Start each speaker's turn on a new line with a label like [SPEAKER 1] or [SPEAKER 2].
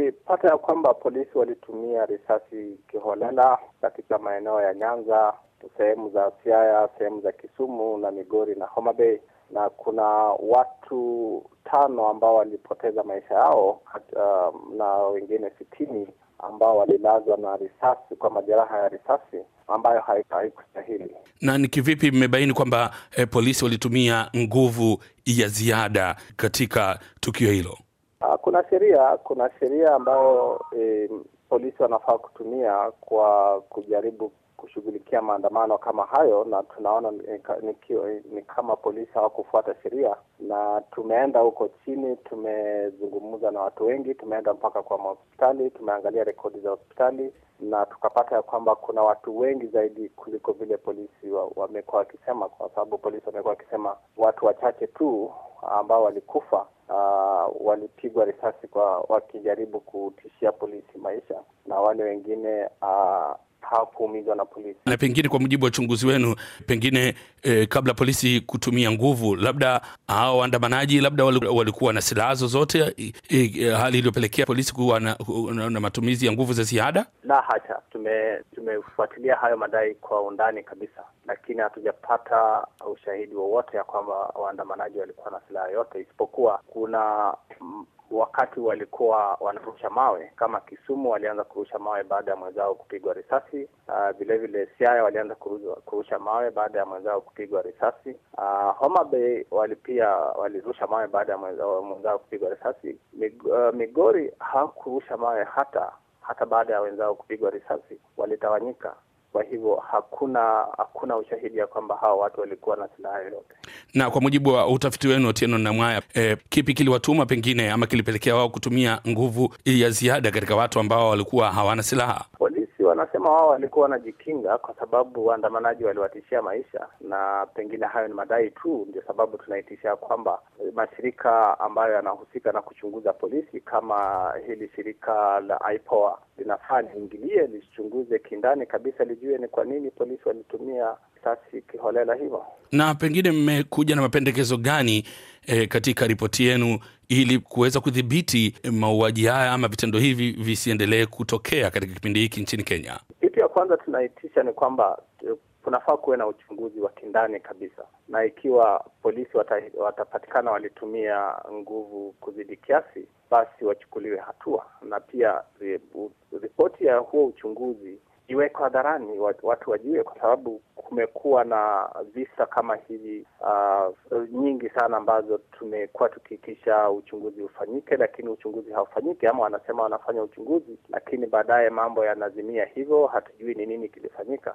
[SPEAKER 1] tulipata ya kwamba polisi walitumia risasi kiholela katika maeneo ya Nyanza, sehemu za Siaya, sehemu za Kisumu na Migori na Homa Bay, na kuna watu tano ambao walipoteza maisha yao um, na wengine sitini ambao walilazwa na risasi kwa majeraha ya risasi ambayo haikustahili.
[SPEAKER 2] Na ni kivipi mmebaini kwamba eh, polisi walitumia nguvu ya ziada katika tukio hilo?
[SPEAKER 1] Ah, kuna sheria, kuna sheria ambayo e, polisi wanafaa kutumia kwa kujaribu kushughulikia maandamano kama hayo, na tunaona ni kama polisi hawakufuata sheria, na tumeenda huko chini, tumezungumza na watu wengi, tumeenda mpaka kwa mahospitali, tumeangalia rekodi za hospitali na tukapata ya kwamba kuna watu wengi zaidi kuliko vile polisi wamekuwa wa wakisema, kwa sababu polisi wamekuwa wakisema watu wachache tu ambao walikufa uh, walipigwa risasi kwa wakijaribu kutishia polisi maisha na wale wengine uh, hawakuumizwa na
[SPEAKER 2] polisi. Na pengine kwa mujibu wa uchunguzi wenu, pengine eh, kabla polisi kutumia nguvu, labda hao waandamanaji labda walikuwa na silaha zozote, eh, eh, hali iliyopelekea polisi kuwa na, na, na matumizi ya nguvu za ziada?
[SPEAKER 1] La tumefuatilia tume tumefuatilia hayo madai kwa undani kabisa, lakini hatujapata ushahidi wowote ya kwamba waandamanaji walikuwa na silaha yote, isipokuwa kuna mm, wakati walikuwa wanarusha mawe. Kama Kisumu walianza kurusha mawe baada ya mwenzao kupigwa risasi. Vilevile ah, uh, Siaya walianza kurusha mawe baada ya mwenzao kupigwa risasi. Uh, Homa Bay wali pia walirusha mawe baada ya mwenzao kupigwa risasi. Mig, uh, Migori hawakurusha mawe hata hata baada ya wenzao kupigwa risasi, walitawanyika. Kwa hivyo hakuna hakuna ushahidi ya kwamba hawa watu walikuwa na silaha yoyote.
[SPEAKER 2] Na kwa mujibu wa utafiti wenu tieno na Mwaya, e, eh, kipi kiliwatuma pengine ama kilipelekea wao kutumia nguvu ya ziada katika watu ambao walikuwa hawana silaha?
[SPEAKER 1] wanasema wao walikuwa wanajikinga kwa sababu waandamanaji waliwatishia maisha, na pengine hayo ni madai tu, ndio sababu tunaitisha kwamba mashirika ambayo yanahusika na kuchunguza polisi kama hili shirika la IPOA linafaa liingilie, lichunguze kindani kabisa, lijue ni kwa nini polisi walitumia risasi kiholela hivyo.
[SPEAKER 2] Na pengine mmekuja na mapendekezo gani eh, katika ripoti yenu ili kuweza kudhibiti mauaji haya ama vitendo hivi visiendelee kutokea katika kipindi hiki nchini Kenya?
[SPEAKER 1] Kitu ya kwanza tunaitisha ni kwamba eh, kunafaa kuwe na uchunguzi wa kindani kabisa, na ikiwa polisi wata, watapatikana walitumia nguvu kuzidi kiasi, basi wachukuliwe hatua, na pia eh, ripoti ya huo uchunguzi iwekwe hadharani, watu wajue, kwa sababu kumekuwa na visa kama hivi uh, nyingi sana ambazo tumekuwa tukiitisha uchunguzi ufanyike, lakini uchunguzi haufanyiki, ama wanasema wanafanya uchunguzi, lakini baadaye mambo yanazimia hivyo. Hatujui ni nini kilifanyika.